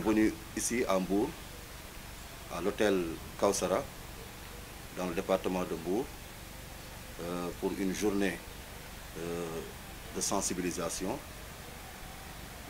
venu ici à bourg à l'hôtel Kausara, dans le département de Bourg, euh, pour une journée euh, de sensibilisation.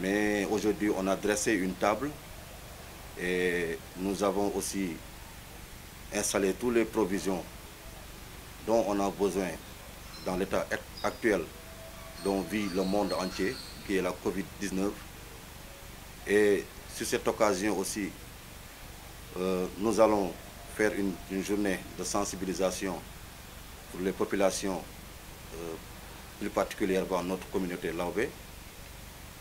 Mais aujourd'hui, on a dressé une table et nous avons aussi installé toutes les provisions dont on a besoin dans l'état actuel dont vit le monde entier, qui est la COVID-19. Et sur cette occasion aussi, euh, nous allons faire une, journée de sensibilisation pour les populations, euh, plus particulièrement notre communauté Laobé,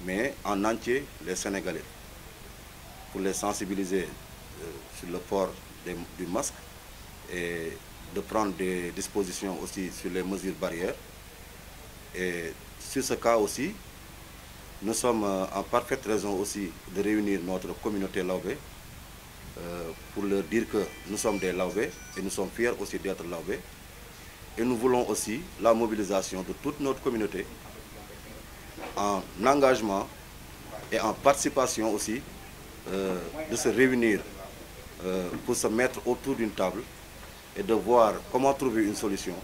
mais en entier les Sénégalais, pour les sensibiliser euh, sur le port du masque et de prendre des dispositions aussi sur les mesures barrières. Et sur ce cas aussi, nous sommes euh, en parfaite raison aussi de réunir notre communauté Laobé euh, pour leur dire que nous sommes des Laobés et nous sommes fiers aussi d'être Laobés. Et nous voulons aussi la mobilisation de toute notre communauté en engagement et en participation aussi euh, de se réunir pour se mettre autour d'une table et de voir comment trouver une solution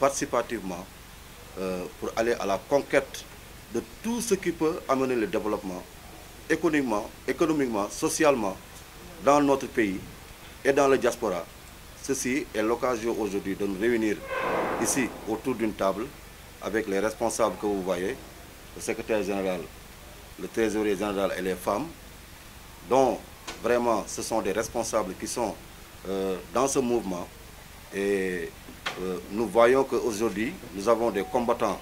participativement pour aller à la conquête de tout ce qui peut amener le développement économiquement, économiquement socialement dans notre pays et dans la diaspora. Ceci est l'occasion aujourd'hui de nous réunir ici autour d'une table avec les responsables que vous voyez, le secrétaire général, le trésorier général et les femmes, dont vraiment ce sont des responsables qui sont euh, dans ce mouvement. Et euh, nous voyons qu'aujourd'hui, nous avons des combattants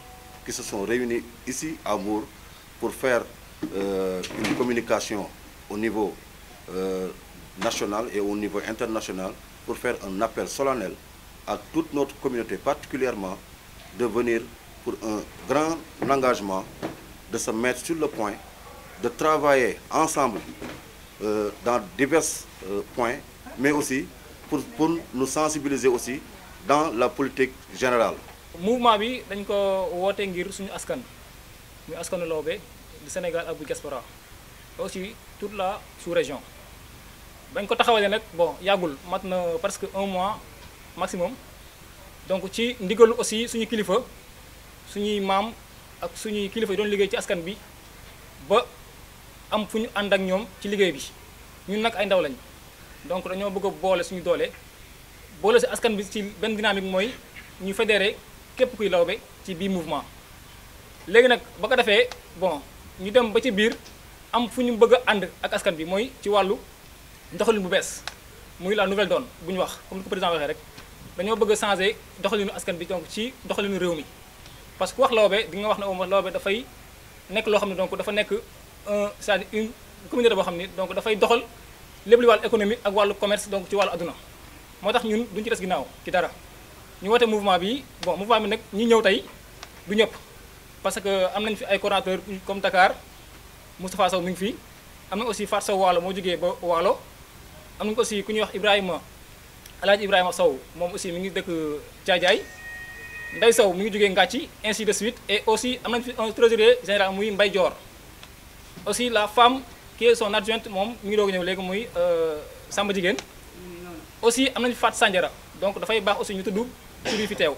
qui se sont réunis ici à Mour pour faire euh, une communication au niveau euh, national et au niveau international pour faire un appel solennel à toute notre communauté, particulièrement de venir pour un grand engagement, de se mettre sur le point, de travailler ensemble euh, dans divers points, mais aussi pour, pour nous sensibiliser aussi dans la politique générale. mouvement bi dañ ko woote ngir suñu askan muy askanu lawbe du Sénégal ak bu diaspora aussi tout la sous-région bañ ko taxawalee nag bon yàggul mat na presque un mois maximum donc ci ndigalu aussi suñu kilifa suñuy maam ak suñuy kilifa yi doon liggéey ci askan bi ba am fu ñu ànd ak ñoom ci liggéey bi ñun nag ay ndaw lañ donc dañoo bëgg a boole suñu doole boole si askan bi ci benn dynamique mooy ñu fédéré képp kuy lawbe ci bii mouvement léegi nag ba ko defee bon ñu dem ba ci biir am fu ñu bëgg a ànd ak askan bi mooy ci wàllu doxalin bu bees muy la nouvelle donne bu ñu wax comme ni ko rek dañoo bëgg a doxalinu askan bi donc ci doxalinu réew mi parce que wax lawbe di nga wax ne au lawbe dafay nekk loo xam ne donc dafa nekk un cest à boo xam ne donc dafay doxal lépp li wàllu économie ak wàllu commerce donc ci wàllu adduna moo tax ñun duñu ci des ginnaaw ci dara ñu woote mouvement bi bon mouvement bi nag ñi ñëw tey du ñëpp parce que am nañ fi ay coordonnateurs comme Dakar Moustapha Sow mi ngi fi am na aussi Fatou Sow Waalo moo jógee ba Waalo am nañ aussi ku ñuy wax Ibrahima Alaaji Ibrahima Sow moom aussi mi ngi dëkk Jaajaay Ndey Sow mi ngi jógee Ngàcci ainsi de suite et aussi am nañ fi un trésorier général muy Mbay Joor aussi la femme qui est son adjointe moom mi ngi doog ñëw léegi muy euh, Samba Jigéen mm, aussi am nañ fi Fatou Sandiara donc dafay baax aussi ñu tudd ci fi teew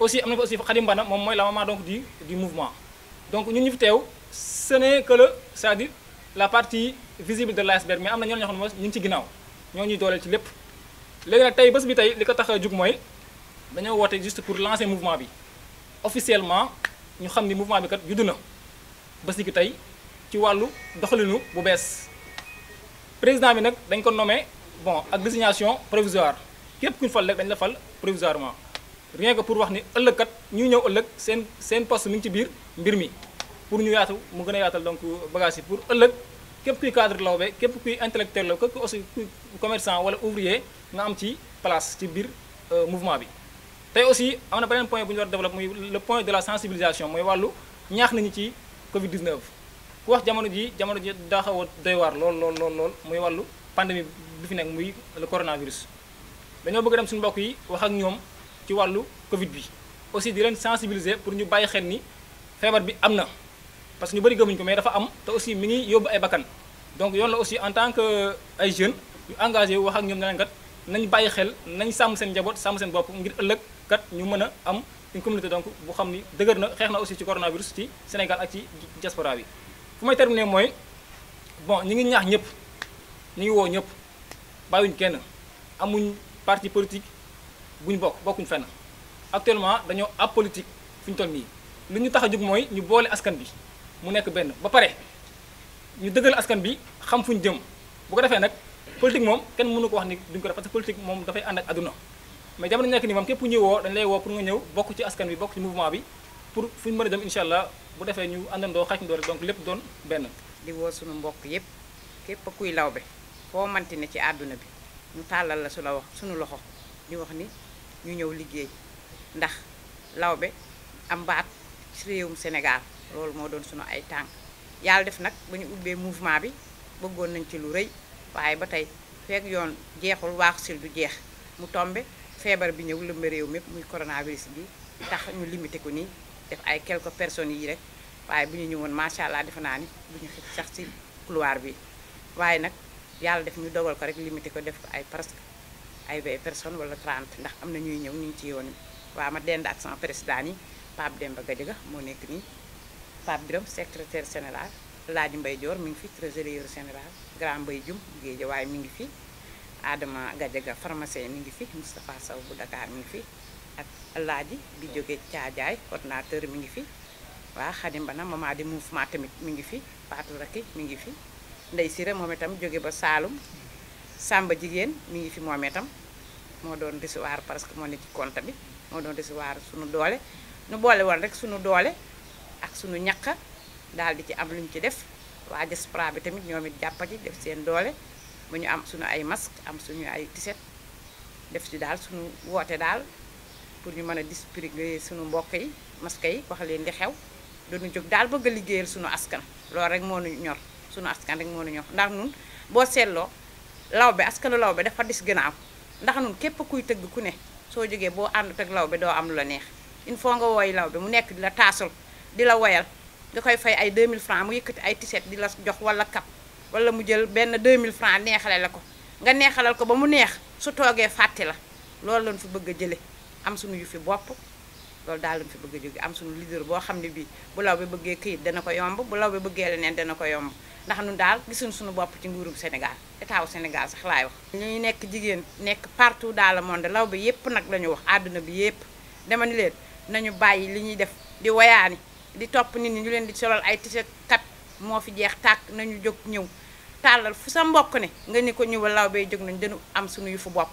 aussi amna na fa aussi Khadim Bana mom moy la maman donc du du mouvement donc ñun ñu fi tew ce n'est que le c'est-à-dire la partie visible de l'iceberg mais amna na ñoo ñoo xam ñu ci ginnaaw ñoo ñuy dooleel ci lepp légui nag tey bés bi tay liko ko tax a jug mooy dañoo woote juste pour lancer mouvement bi officiellement ñu xam ni mouvement bi kat juddu na bés ki tey ci walu doxalinu bu bees président bi nak dañ ko nommé bon ak désignation provisoire képp kuñ fal rek dañ la fal provisoirement rien que pour wax ni ëllëg kat ñu ñëw ëllëg seen seen poste mi ngi ci biir mbir mi pour ñu yaatu mu gën a yaatal donc bagage yi pour ëllëg képp kuy cadre lawbe képp kuy intellectuel la képp aussi kuy commerçant wala ouvrier nga am ci place ci biir euh, mouvement bi tey aussi am na beneen point bu ñu war développe muy le point de la sensibilisation mooy wàllu ñaax nañu ci covid 19 ku wax jamono ji jamono ji daa xaw a waar lool lool lool lool muy wàllu pandémie bi fi nekk muy le coronavirus dañoo bëgg dem suñu mbokk yi wax ak ñoom ci walu covid bi aussi di leen sensibiliser pour ñu bàyyi xel ni feebar bi am na parce que ñu bëri gëmuñ ko mais dafa am te aussi mi ngi yóbbu ay bakkan donc yoon la aussi en tant que ay jeunes ñu engagé wax ak ñoom ne leen kat nañ bàyyi xel nañ sàmm seen njaboot sàmm seen bopp ngir ëllëg kat ñu mën a am une communauté donc bu xam ni dëgër na xeex na aussi ci coronavirus ci Sénégal ak ci diaspora bi fu may terminer mooy bon ñi ngi ñaax ñëpp ñi ngi woo ñëpp bàyyiwuñ kenn amuñ parti politique bu ñu bokk bokkuñ fenn actuellement dañoo ab politique fi ñu toll nii li ñu tax a jóg mooy ñu boole askan bi mu nekk benn ba pare ñu dëggal askan bi xam fu ñu jëm bu ko defee nag politique moom kenn mënu ko wax ni duñ ko def parce que politique moom dafay ànd ak àdduna mais jamono nekk nii moom képp ñuy woo dañu lay woo pour nga ñëw bokk ci askan bi bokk ci mouvement bi pour fu ñu mën dem incha allah bu defee ñu àndandoo xaajandoo rek donc lépp doon benn. di woo suñu mbokk yépp képp kuy lawbe foo manti ne ci àdduna bi. ñu tàllal la su la wax suñu loxo di wax ni ñu ñëw liggéey ndax lawbe am baat ci réewum Sénégal loolu moo doon suñu ay tànk yàlla def nag ba ñu ubbee mouvement bi bëggoon nañ ci lu rëy waaye ba tey fekk yoon jeexul waax sil du jeex mu tombe feebar bi ñëw lëmba réew mépp muy coronavirus bi tax ñu limité ko nii def ay quelques personnes yi rek waaye bu ñu ñëwoon macha allah defe naa ni bu ñu xëcc sax ci couloir bi waaye nag yàlla def ñu dogal ko rek limité ko def ko ay presque ay vingt personnes wala 30 ndax am na ñuy ñëw ñu ngi ci yoon waa ma dend ak sama président yi Pape Demba Gadiaga moo nekk nii Pape Birame secrétaire général Laaji Mbay Joor mi ngi fi trésorier général Grand Mbay géej waaye mi ngi fi Adama Gadiaga pharmacien mi ngi fi Moustapha Sow bu Dakar mi ngi fi ak Laaji bi jóge Caajaay coordinateur mi ngi fi waa Xadim Bana mama di mouvement tamit mi ngi fi Fatou Raky mi ngi fi Ndey sire moom itam jóge ba salum Samba jigen mi ngi fi moom mo don di suwar parce que ne ci compte bi don di suwar sunu doole nu boole won rek sunu doole ak sunu ñaka dal di ci am luñ ci def waa diaspora bi tamit def seen doole bu ñu am sunu ay masque am sunu ay tiset def ci dal sunu woote dal pour ñu sunu a sunu mbokk yi masque yi wax leen di xew jog dal bëgg liggéeyal sunu askan loolu rek mo ñu ñor sunu askan rek moo ñu wax ndax nun boo seetloo lawbe askanu lawbe dafa dis gannaaw ndax nun képp kuy tëgg ku ne soo jógee boo ànd àndut law lawbe doo am la neex il faut nga wooy law lawbe mu nekk di la taasul di la woyal nga koy fay ay mille francs mu yëkkati ay tiset di la jox wala kap wala mu jël benn deux mille francs neexale la ko nga neexalal ko ba mu neex su toogee fàtte la loolu lañ fi bëgg a jële am suñu yu fi bopp loolu daal lañ fi bëgg a jóge am suñu leader boo xam ne bii bu law bi bëggee këyit dana ko yomb bu law bi bëggee leneen dana ko yomb ndax nu daal gisuñ suñu bopp ci nguurub Sénégal état wu Sénégal sax laay wax ñuy nekk jigéen nekk partout dans le monde law bi yépp nag lañu wax àdduna bi yépp dama ni leen nañu bàyyi li ñuy def di woyaani di topp nit ñi ñu leen di solal ay tiset kat moo fi jeex tàkk nañu jóg ñëw tàllal fu sa mbokk ne nga ni ko ñëwal law bee jóg nañ dañu am suñu fu bopp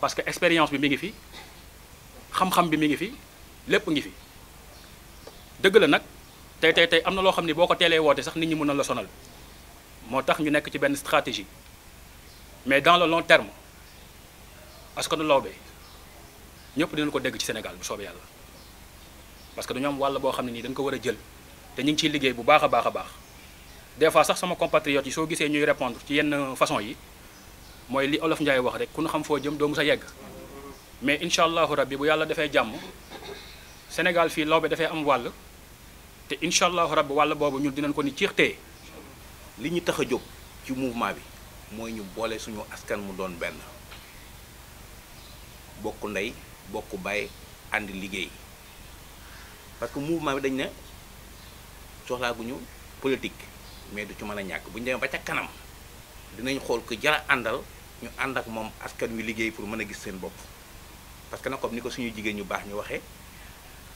parce que expérience bi mi ngi fi xam-xam bi mi ngi fi lépp ngi fi dëgg la nag tey tey tey am na loo xam ni boo sax nit ñi mëna la sonal motax ñu nekk ci ben stratégie mais dans le long terme askanu lobé ñëpp dinañ ko dégg ci Sénégal bu soobee yalla parce que dañu am wàll bo xamni ne dañ ko war jël té ñing ci liggéey bu baaxa baaxa baax des fois sax sama compatriote yi so gisé ñuy répondre ci yenn façon yi mooy li olof Njaay wax rek ku nu xam foo jëm doo mus a yegg mais incha allahu rabbi bu yàlla defee jàmm Sénégal fii lawbe dafay am wàll te incha allahu rabbi wàll boobu ñun dinañ ko ni ciixtee li ñu tax a jóg ci mouvement bi mooy ñu boole suñu askan mu doon benn bokk ndey bokk baay ànd liggéey parce que mouvement bi dañ ne soxlaa gu ñu politique mais du ci mën a ñàkk bu ñu demee ba ca kanam dinañ xool ko jara àndal ñu ànd ak moom askan wi liggéey pour mën a gis seen bopp parce que nag comme ni ko suñu jigéen ñu baax ñu waxee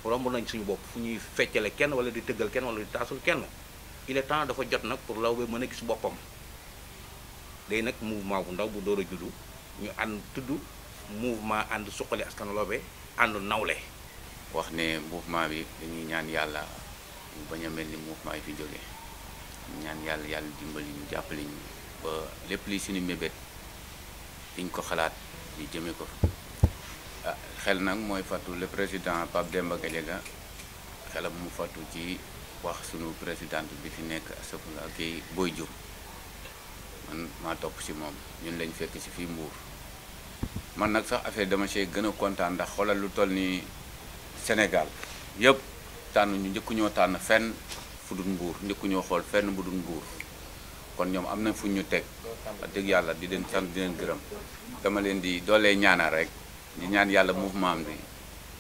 romb nañ suñu bopp fu ñuy feccale kenn wala di tëggal kenn wala di taasul kenn il est temps dafa jot nag pour Laobé mën a gis boppam léegi nag mouvement bu ndaw bu door a juddu ñu ànd tudd mouvement ànd suqali askan Laobé ànd nawle wax ne mouvement bi dañuy ñaan yàlla ñu bañ a mel ni mouvement yi fi jógee ñaan yàlla yàlla dimbali ñu jàppale ñu ba lépp li suñu fiñ ko xalaat ñu jëme ko ah, xel nak moy fàttu le président pap Demba Gadiaga xelam mu fàttu ci wax suñu présidente bi fi nek Assapoula Gueye Boy djum man ma top ci mom ñun lañ fekk ci fi Mbour man nak sax affaire dama cey gëna content ndax xolal lu toll ni Sénégal yëpp tanu ñu ñëk ñoo tan fenn fudun Mbour ñëk ñoo xol fenn bu Mbour kon ñoom am na fu ñu teg a dëgg yàlla di leen sant di leen gërëm dama leen di doolee ñaanal rek di ñaan yàlla mouvement am bi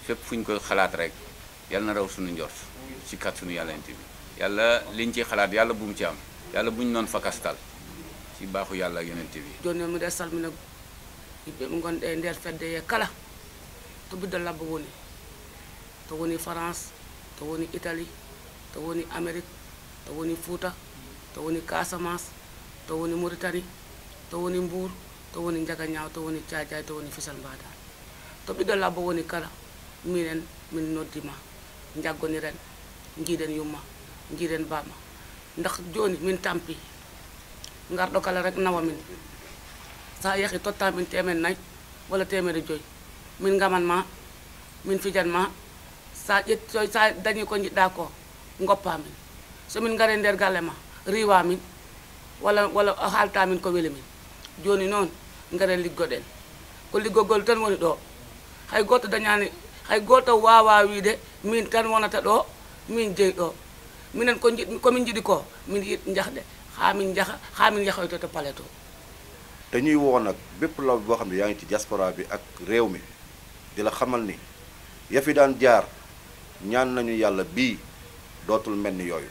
fépp fu ñu koy xalaat rek yàlla na raw suñu njort ci kat suñu yàlla liñ ciy xalaat yàlla bu mu ci am yàlla bu noon fakastal ci baaxu yàlla yonente bi joni mi de salmina yimɓe ɓe gonɗe e nder fedde ye kala to biddo labbo woni to woni france to woni italie to woni amérique to woni fouta to woni kasamas to woni mauritanie to woni mbour to woni jagañaaw to woni caajaay to woni fisal mbaadal to la bo woni kala minen min noddima jaggoniren ngiden yuma ngiden bama ndax joni min tampi ngardo kala rek nawa min sa yahi to min temen nay wala temere joy min ngaman ma min fijan ma sa ƴettoy sa dañi ko jiɗɗa ko so min somin ngare der galema riiwa min walla walla haalta min ko weli min jooni noon ngara liggoɗen ko liggogol tan woni ɗo hay goto dañani hay goto wawa wiide min tan wonata ɗo min jeeyi ɗo minen ko ko min yiɗ jahde ha min jaha ha min jahoyto to dañuy woo nag bépp law boo xam ne yaa ngi ci diaspora bi ak réew mi di la xamal ni ya fi daan jaar ñaan nañu yàlla bii dootul mel ni yooyu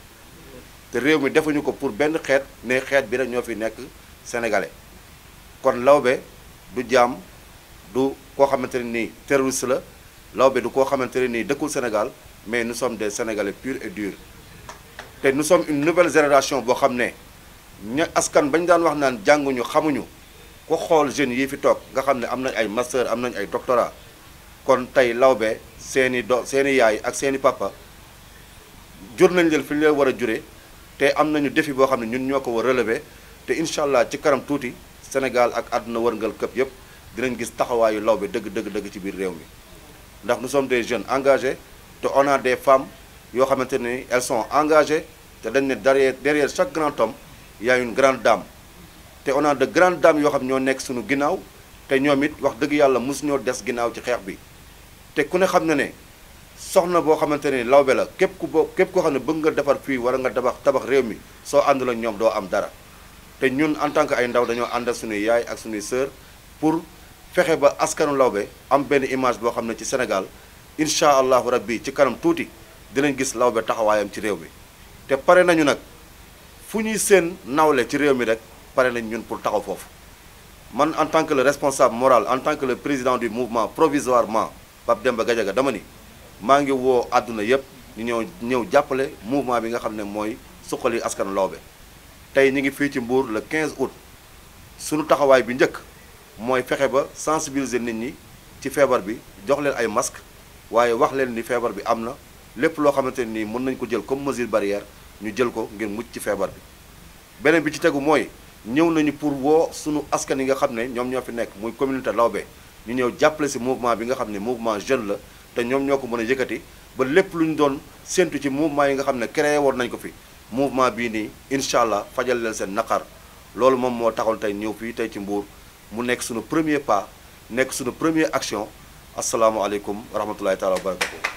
te réew mi defuñu ko pour benn xeet ne xeet bi rek ñoo fi nekk sénégalais kon lawbe du jaam du koo xamante ne nii terroriste la lawbe du koo xamante ne nii dëkkul Sénégal mais nous sommes des sénégalais purs et durs te nous sommes une nouvelle génération boo xam ne ña askan bañ daan wax naan jànguñu xamuñu ko xool jeunes yi fi toog nga xam ne am nañ ay master am nañ ay doctorat kon tey lawbe seeni do seeni yaay ak seeni papa jur nañ leen fi ñu leen war a jure te am nañu défi boo xam ne ñun ñoo ko war relever te incha allah ci kanam tuuti Sénégal ak àdduna wërngal këpp yëpp dinañ gis taxawaayu law bi dëgg dëgg dëgg ci biir réew mi ndax nous sommes des jeunes engagés te on a des femmes yoo xamante ni elles engagé te dañ ne derrière derrière chaque grand homme y a grande dame te on a de grandes dames yoo xam ñoo nekk suñu ginnaaw te ñoom it wax dëgg yàlla mosu ñoo des ginnaaw ci xeex bi te ku ne xam na ne soxna boo xamante ne lawbe la képp ku bo képp koo xam ne bëgg nga defar fii war nga tabax tabax réew mi soo àndul ñoom doo am dara te ñun en tant que ay ndaw dañoo ànd ak suñuy yaay ak suñuy sœur pour fexe ba askanu lawbe am benn image boo xam ne ci Sénégal incha allahu bii ci kanam tuuti dinañ gis lawbe taxawaayam ci réew mi te pare nañu nag fu ñuy seen nawle ci réew mi rek pare nañ ñun pour taxaw foofu man en tant que le responsable moral en tant que le président du mouvement provisoirement Pape Demba Gadiaga dama ni maa ngi woo àdduna yëpp ñu ñëw ñëw jàppale mouvement bi nga xam ne mooy suqali askan lawbe tey ñu ngi fii ci Mbour la 15 août sunu taxawaay bi njëkk mooy fexe ba sensibiliser nit ñi ci feebar bi jox leen ay masques waaye wax leen ni feebar bi am na lépp loo xamante ni mën nañ ko jël comme mesure barrière ñu jël ko ngir mucc ci feebar bi beneen bi ci tegu mooy ñëw nañu pour woo sunu askan yi nga xam ne ñoom ñoo fi nekk muy communauté lawbe ñu ñëw jàppale si mouvement bi nga xam ne mouvement jeune la te ñoom ñoo ko mën a yëkkati ba lépp lu ñu doon séntu ci mouvement yi nga xam ne créé woon nañ ko fi mouvement bii nii incha allah fajal leen seen naqar loolu moom moo taxoon tey ñëw fii tey ci Mbour mu nekk suñu premier pas nekk suñu premier action asalaamaaleykum wa rahmatulahi taala wa barakatu